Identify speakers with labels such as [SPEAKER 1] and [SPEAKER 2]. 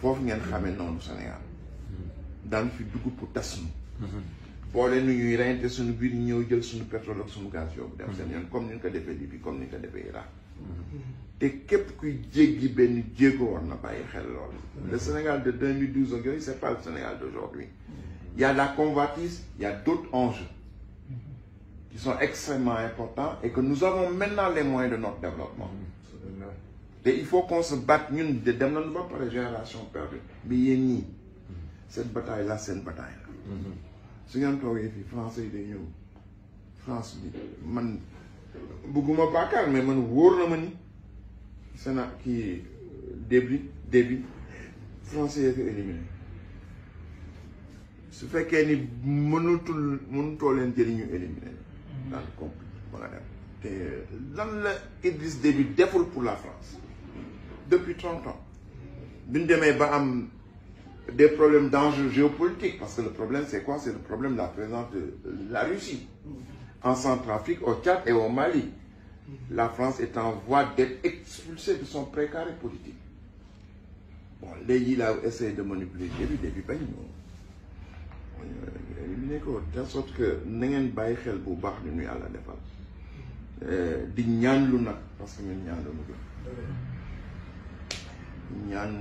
[SPEAKER 1] foofu ngeen non, au Sénégal daan fi dugg pour tas nu boole nu ñuy reyante suñu biir ñëw jël suñu pétrole des suñu gaz yoobu dem seen yoon comme nous ñu ko defee Libye comme ni ñu ko defee Irak te képp kuy jéggi benn jéego war na bàyyi xel le Sénégal de 2012 ak yooyu c'est pas le Sénégal d'aujourd'hui il y a la convoitise il y a d'autres enjeux qui sont extrêmement importants et que nous avons maintenant les moyens de notre développement te il faut qu'on se batte ñun de dem nañu ba pare génération perdue bi yéen ñii cette bataille là c'est une bataille Si mm-hmm. su ngeen toogee fii français yi day ñëw France bi man bëgguma bàkkaar mais man wóor na ma ni Sénat kii début début français yee ko éliminé fait que ni mënutul mënutoo leen jëriñu éliminé. Mm-hmm. daal compliqué ba nga dem. Il existe des défauts pour la France depuis 30 ans une de des problèmes d'enjeux géopolitiques parce que le problème c'est quoi c'est le problème de la présence de la Russie en Centrafrique au Tchad et au Mali la France est en voie d'être expulsée de son précaré politique bon gens a essayé de manipuler depuis Déby euh, éliminé de sorte que Eh, di ñaanlu nag parce que ñun ñaanlu ñu ñaan